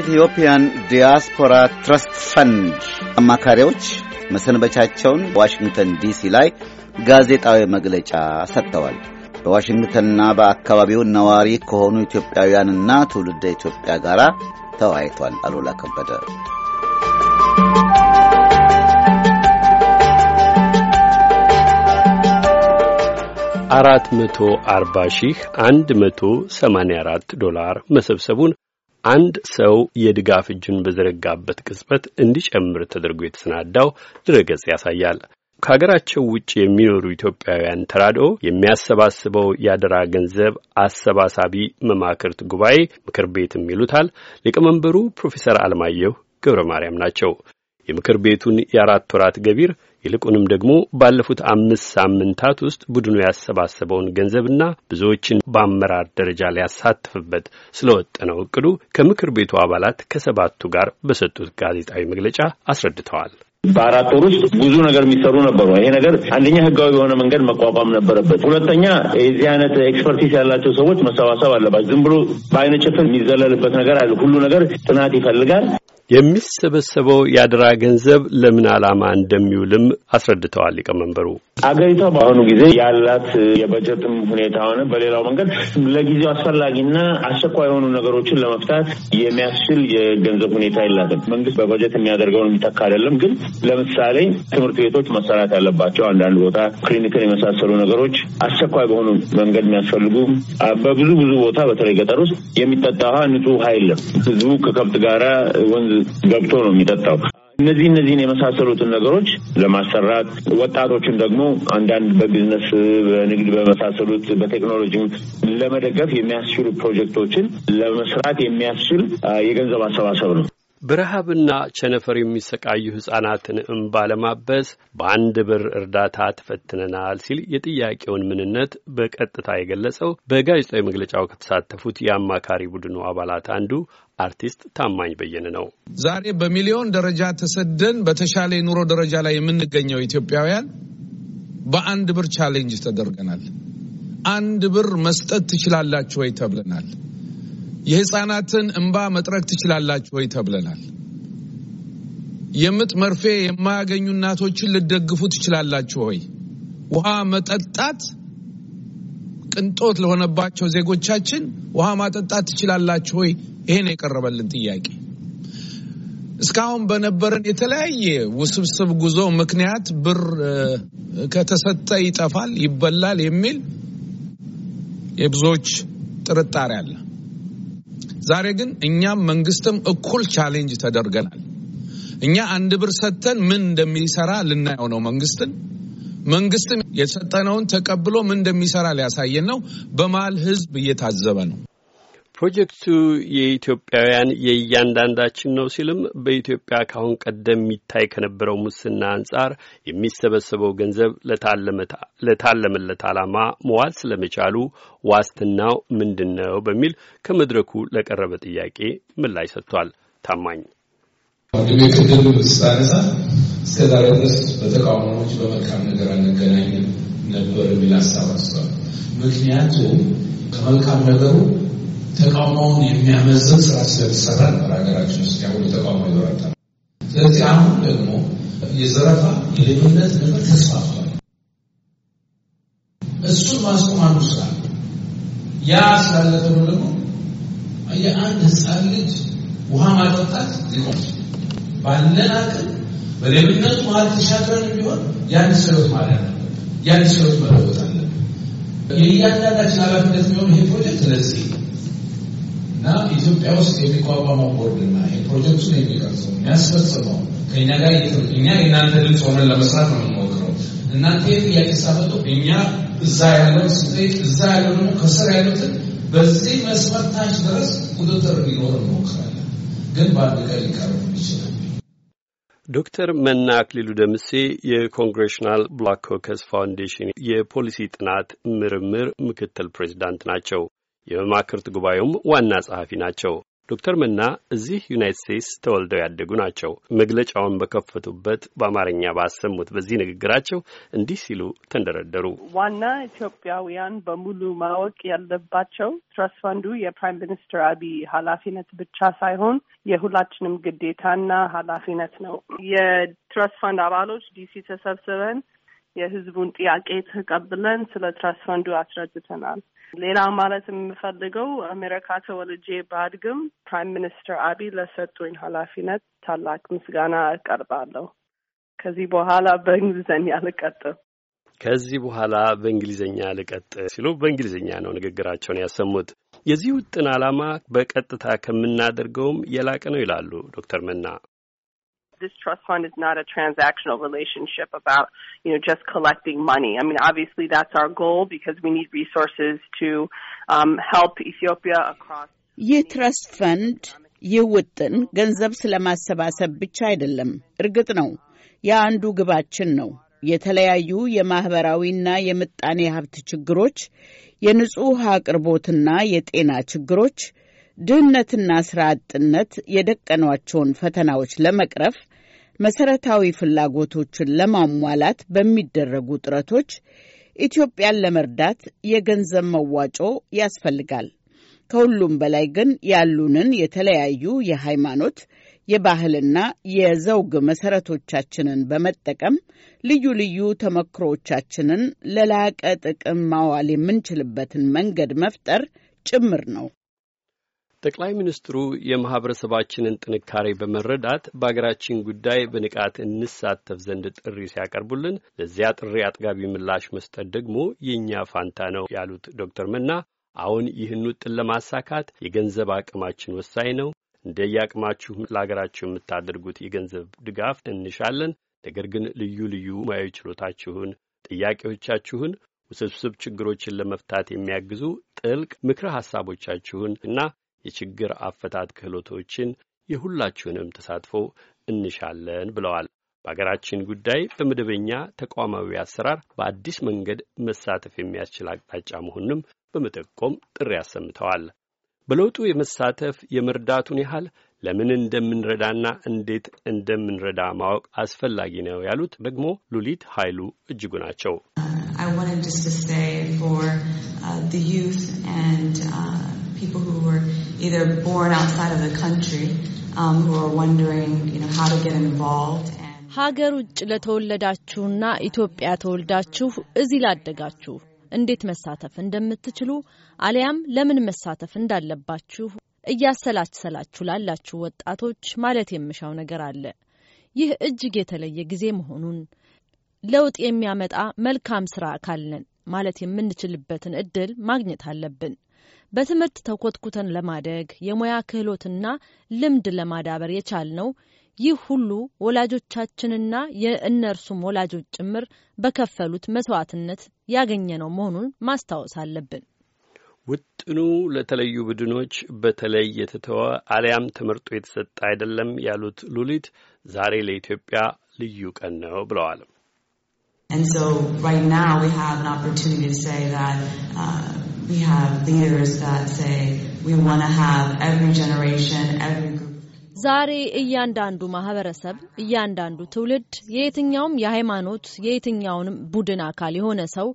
ኢትዮጵያን ዲያስፖራ ትረስት ፈንድ አማካሪዎች መሰንበቻቸውን ዋሽንግተን ዲሲ ላይ ጋዜጣዊ መግለጫ ሰጥተዋል። በዋሽንግተንና በአካባቢው ነዋሪ ከሆኑ ኢትዮጵያውያንና ትውልደ ኢትዮጵያ ጋር ተወያይቷል። አሉላ ከበደ አራት መቶ አርባ ሺህ አንድ መቶ ሰማንያ አራት ዶላር መሰብሰቡን አንድ ሰው የድጋፍ እጁን በዘረጋበት ቅጽበት እንዲጨምር ተደርጎ የተሰናዳው ድረገጽ ያሳያል። ከሀገራቸው ውጭ የሚኖሩ ኢትዮጵያውያን ተራድኦ የሚያሰባስበው የአደራ ገንዘብ አሰባሳቢ መማክርት ጉባኤ ምክር ቤትም ይሉታል ሊቀመንበሩ ፕሮፌሰር አለማየሁ ገብረ ማርያም ናቸው። የምክር ቤቱን የአራት ወራት ገቢር ይልቁንም ደግሞ ባለፉት አምስት ሳምንታት ውስጥ ቡድኑ ያሰባሰበውን ገንዘብና ብዙዎችን በአመራር ደረጃ ሊያሳትፍበት ስለወጠነው እቅዱ ከምክር ቤቱ አባላት ከሰባቱ ጋር በሰጡት ጋዜጣዊ መግለጫ አስረድተዋል። በአራት ወር ውስጥ ብዙ ነገር የሚሰሩ ነበሩ። ይሄ ነገር አንደኛ ህጋዊ በሆነ መንገድ መቋቋም ነበረበት። ሁለተኛ የዚህ አይነት ኤክስፐርቲስ ያላቸው ሰዎች መሰባሰብ አለባቸው። ዝም ብሎ በአይነ ጭፍን የሚዘለልበት ነገር አለ። ሁሉ ነገር ጥናት ይፈልጋል። የሚሰበሰበው የአደራ ገንዘብ ለምን ዓላማ እንደሚውልም አስረድተዋል ሊቀመንበሩ። አገሪቷ በአሁኑ ጊዜ ያላት የበጀትም ሁኔታ ሆነ በሌላው መንገድ ለጊዜው አስፈላጊና አስቸኳይ የሆኑ ነገሮችን ለመፍታት የሚያስችል የገንዘብ ሁኔታ የላትም። መንግስት በበጀት የሚያደርገውን የሚተካ አይደለም። ግን ለምሳሌ ትምህርት ቤቶች መሰራት ያለባቸው አንዳንድ ቦታ ክሊኒክን የመሳሰሉ ነገሮች አስቸኳይ በሆኑ መንገድ የሚያስፈልጉ በብዙ ብዙ ቦታ በተለይ ገጠር ውስጥ የሚጠጣ ውሃ ንጹህ ውሃ የለም። ህዝቡ ከከብት ጋራ ወንዝ ገብቶ ነው የሚጠጣው። እነዚህ እነዚህን የመሳሰሉትን ነገሮች ለማሰራት ወጣቶችን ደግሞ አንዳንድ በቢዝነስ በንግድ በመሳሰሉት በቴክኖሎጂ ለመደገፍ የሚያስችሉ ፕሮጀክቶችን ለመስራት የሚያስችል የገንዘብ አሰባሰብ ነው። በረሃብና ቸነፈር የሚሰቃዩ ሕፃናትን እምባ ለማበስ በአንድ ብር እርዳታ ተፈትነናል ሲል የጥያቄውን ምንነት በቀጥታ የገለጸው በጋዜጣዊ መግለጫው ከተሳተፉት የአማካሪ ቡድኑ አባላት አንዱ አርቲስት ታማኝ በየነ ነው። ዛሬ በሚሊዮን ደረጃ ተሰደን በተሻለ የኑሮ ደረጃ ላይ የምንገኘው ኢትዮጵያውያን በአንድ ብር ቻሌንጅ ተደርገናል። አንድ ብር መስጠት ትችላላችሁ ወይ ተብለናል። የህፃናትን እንባ መጥረግ ትችላላችሁ ወይ ተብለናል። የምጥ መርፌ የማያገኙ እናቶችን ልደግፉ ትችላላችሁ ወይ? ውሃ መጠጣት ቅንጦት ለሆነባቸው ዜጎቻችን ውሃ ማጠጣት ትችላላችሁ ወይ? ይሄን የቀረበልን ጥያቄ እስካሁን በነበረን የተለያየ ውስብስብ ጉዞ ምክንያት ብር ከተሰጠ ይጠፋል፣ ይበላል የሚል የብዙዎች ጥርጣሬ አለ። ዛሬ ግን እኛም መንግስትም እኩል ቻሌንጅ ተደርገናል። እኛ አንድ ብር ሰጥተን ምን እንደሚሰራ ልናየው ነው መንግስትን መንግስትም የሰጠነውን ተቀብሎ ምን እንደሚሰራ ሊያሳየን ነው። በመሀል ህዝብ እየታዘበ ነው። ፕሮጀክቱ የኢትዮጵያውያን የእያንዳንዳችን ነው ሲልም በኢትዮጵያ ካሁን ቀደም የሚታይ ከነበረው ሙስና አንጻር የሚሰበሰበው ገንዘብ ለታለመለት ዓላማ መዋል ስለመቻሉ ዋስትናው ምንድን ነው በሚል ከመድረኩ ለቀረበ ጥያቄ ምላሽ ሰጥቷል። ታማኝ ቅድም ሳነሳ እስከ ዛሬ ድረስ በተቃውሞዎች በመልካም ነገር አንገናኝም ነበር የሚል ሀሳብ አስቷል። ምክንያቱም ከመልካም ነገሩ ተቃውሞውን የሚያመዝን ስራ ስለተሰራ ነበር ሀገራችን ውስጥ ያሁሉ ተቃውሞ ይበረታል። ስለዚህ አሁን ደግሞ የዘረፋ የሌብነት ነገር ተስፋፍቷል። እሱን ማስቆም አንዱ ስራ ያ ስላለ ደግሞ የአንድ ህፃን ልጅ ውሃ ማጠጣት ሊቆም ባለን አቅም በሌብነቱ መሀል ተሻግረን ቢሆን ያን ሰሎት ማለት አለብን። የአዲስ ህይወት መለወጥ አለብን። የእያንዳንዳችን ኃላፊነት የሚሆን ይሄ ፕሮጀክት ለዚህ እና ኢትዮጵያ ውስጥ የሚቋቋመው ቦርድ ቦርድና ፕሮጀክቱን የሚቀርጸው የሚያስፈጽመው ከኛ ጋር እኛ የእናንተ ድምፅ ሆነን ለመስራት ነው የምንሞክረው። እናንተ ይህ ጥያቄ ሳመጡ እኛ እዛ ያለው ስጠይቅ እዛ ያለው ደግሞ ከስር ያሉትን በዚህ መስመር ታች ድረስ ቁጥጥር እንዲኖር እንሞክራለን። ግን በአንድ ቀን ሊቀርብ ይችላል። ዶክተር መና አክሊሉ ደምሴ የኮንግሬሽናል ብላክ ኮከስ ፋውንዴሽን የፖሊሲ ጥናት ምርምር ምክትል ፕሬዚዳንት ናቸው። የመማክርት ጉባኤውም ዋና ጸሐፊ ናቸው። ዶክተር መና እዚህ ዩናይት ስቴትስ ተወልደው ያደጉ ናቸው። መግለጫውን በከፈቱበት በአማርኛ ባሰሙት በዚህ ንግግራቸው እንዲህ ሲሉ ተንደረደሩ። ዋና ኢትዮጵያውያን በሙሉ ማወቅ ያለባቸው ትረስ ፈንዱ የፕራይም ሚኒስትር አቢይ ኃላፊነት ብቻ ሳይሆን የሁላችንም ግዴታና ኃላፊነት ነው። የትረስት ፈንድ አባሎች ዲሲ ተሰብስበን የህዝቡን ጥያቄ ተቀብለን ስለ ትራስት ፈንዱ አስረድተናል። ሌላ ማለት የምፈልገው አሜሪካ ተወልጄ ባድግም ፕራይም ሚኒስትር አቢይ ለሰጡኝ ኃላፊነት ታላቅ ምስጋና እቀርባለሁ። ከዚህ በኋላ በእንግሊዝኛ ልቀጥል ከዚህ በኋላ በእንግሊዝኛ ልቀጥ ሲሉ በእንግሊዝኛ ነው ንግግራቸውን ያሰሙት። የዚህ ውጥን ዓላማ በቀጥታ ከምናደርገውም የላቀ ነው ይላሉ ዶክተር መና። this trust fund is not a transactional relationship about, you know, just collecting money. I mean, obviously that's our goal because we need resources to um, help Ethiopia across. ይህ ትረስት ፈንድ ይህ ውጥን ገንዘብ ስለማሰባሰብ ብቻ አይደለም። እርግጥ ነው ያ አንዱ ግባችን ነው። የተለያዩ የማኅበራዊና የምጣኔ ሀብት ችግሮች፣ የንጹሕ ውሃ አቅርቦትና የጤና ችግሮች ድህነትና ስራ አጥነት የደቀኗቸውን ፈተናዎች ለመቅረፍ መሰረታዊ ፍላጎቶችን ለማሟላት በሚደረጉ ጥረቶች ኢትዮጵያን ለመርዳት የገንዘብ መዋጮ ያስፈልጋል። ከሁሉም በላይ ግን ያሉንን የተለያዩ የሃይማኖት የባህልና የዘውግ መሰረቶቻችንን በመጠቀም ልዩ ልዩ ተመክሮቻችንን ለላቀ ጥቅም ማዋል የምንችልበትን መንገድ መፍጠር ጭምር ነው። ጠቅላይ ሚኒስትሩ የማህበረሰባችንን ጥንካሬ በመረዳት በአገራችን ጉዳይ በንቃት እንሳተፍ ዘንድ ጥሪ ሲያቀርቡልን ለዚያ ጥሪ አጥጋቢ ምላሽ መስጠት ደግሞ የእኛ ፋንታ ነው ያሉት ዶክተር መና አሁን ይህን ውጥን ለማሳካት የገንዘብ አቅማችን ወሳኝ ነው። እንደ የአቅማችሁ ለአገራችሁ የምታደርጉት የገንዘብ ድጋፍ እንሻለን። ነገር ግን ልዩ ልዩ ሙያዊ ችሎታችሁን፣ ጥያቄዎቻችሁን ውስብስብ ችግሮችን ለመፍታት የሚያግዙ ጥልቅ ምክረ ሐሳቦቻችሁን እና የችግር አፈታት ክህሎቶችን የሁላችሁንም ተሳትፎ እንሻለን ብለዋል። በሀገራችን ጉዳይ በመደበኛ ተቋማዊ አሰራር በአዲስ መንገድ መሳተፍ የሚያስችል አቅጣጫ መሆኑንም በመጠቆም ጥሪ አሰምተዋል። በለውጡ የመሳተፍ የመርዳቱን ያህል ለምን እንደምንረዳና እንዴት እንደምንረዳ ማወቅ አስፈላጊ ነው ያሉት ደግሞ ሉሊት ኃይሉ እጅጉ ናቸው። either born outside of the country um, who are wondering, you know, how to get involved. ሀገር ውጭ ለተወለዳችሁና ኢትዮጵያ ተወልዳችሁ እዚህ ላደጋችሁ እንዴት መሳተፍ እንደምትችሉ አሊያም ለምን መሳተፍ እንዳለባችሁ እያሰላሰላችሁ ላላችሁ ወጣቶች ማለት የምሻው ነገር አለ። ይህ እጅግ የተለየ ጊዜ መሆኑን ለውጥ የሚያመጣ መልካም ስራ አካል ነን ማለት የምንችልበትን እድል ማግኘት አለብን። በትምህርት ተኮትኩተን ለማደግ የሙያ ክህሎትና ልምድ ለማዳበር የቻልነው ይህ ሁሉ ወላጆቻችንና የእነርሱም ወላጆች ጭምር በከፈሉት መስዋዕትነት ያገኘነው መሆኑን ማስታወስ አለብን። ውጥኑ ለተለዩ ቡድኖች በተለይ የተተወ አሊያም ተመርጦ የተሰጠ አይደለም ያሉት ሉሊት ዛሬ ለኢትዮጵያ ልዩ ቀን ነው ብለዋል። we have leaders that say we want to have every generation, every group. ዛሬ እያንዳንዱ ማህበረሰብ እያንዳንዱ ትውልድ የየትኛውም የሃይማኖት የየትኛውንም ቡድን አካል የሆነ ሰው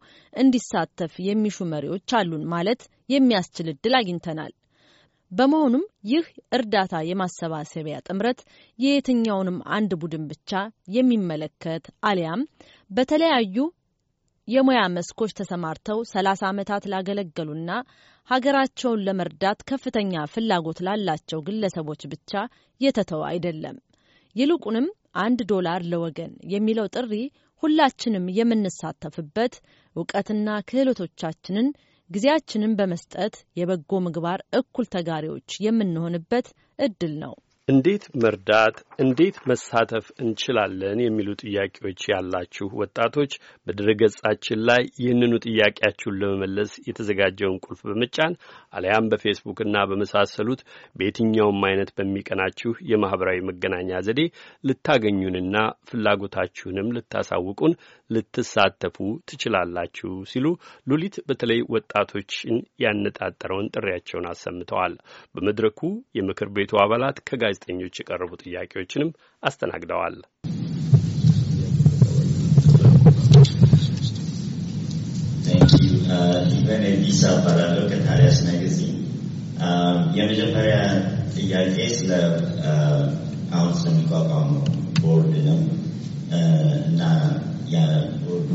እንዲሳተፍ የሚሹ መሪዎች አሉን ማለት የሚያስችል እድል አግኝተናል። በመሆኑም ይህ እርዳታ የማሰባሰቢያ ጥምረት የየትኛውንም አንድ ቡድን ብቻ የሚመለከት አሊያም በተለያዩ የሙያ መስኮች ተሰማርተው ሰላሳ ዓመታት ላገለገሉና ሀገራቸውን ለመርዳት ከፍተኛ ፍላጎት ላላቸው ግለሰቦች ብቻ የተተው አይደለም። ይልቁንም አንድ ዶላር ለወገን የሚለው ጥሪ ሁላችንም የምንሳተፍበት እውቀትና ክህሎቶቻችንን ጊዜያችንን በመስጠት የበጎ ምግባር እኩል ተጋሪዎች የምንሆንበት እድል ነው። እንዴት መርዳት፣ እንዴት መሳተፍ እንችላለን የሚሉ ጥያቄዎች ያላችሁ ወጣቶች በድረገጻችን ላይ ይህንኑ ጥያቄያችሁን ለመመለስ የተዘጋጀውን ቁልፍ በመጫን አሊያም በፌስቡክና በመሳሰሉት በየትኛውም አይነት በሚቀናችሁ የማኅበራዊ መገናኛ ዘዴ ልታገኙንና ፍላጎታችሁንም ልታሳውቁን ልትሳተፉ ትችላላችሁ ሲሉ ሉሊት በተለይ ወጣቶችን ያነጣጠረውን ጥሪያቸውን አሰምተዋል። በመድረኩ የምክር ቤቱ አባላት ከጋ ጋዜጠኞች የቀረቡ ጥያቄዎችንም አስተናግደዋል። ኢቨንዲስ uh, እባላለሁ ከታዲያስ ማጋዚን። uh, የመጀመሪያ ጥያቄ ስለ uh, አሁን ስለሚቋቋመው ቦርድ ነው እና የቦርዱ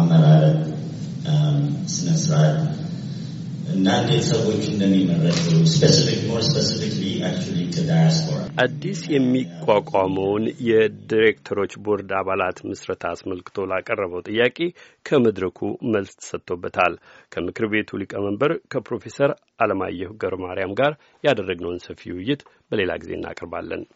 አመራረት um, ስነስርዓት አዲስ የሚቋቋመውን የዲሬክተሮች ቦርድ አባላት ምስረታ አስመልክቶ ላቀረበው ጥያቄ ከመድረኩ መልስ ተሰጥቶበታል። ከምክር ቤቱ ሊቀመንበር ከፕሮፌሰር አለማየሁ ገብረ ማርያም ጋር ያደረግነውን ሰፊ ውይይት በሌላ ጊዜ እናቀርባለን።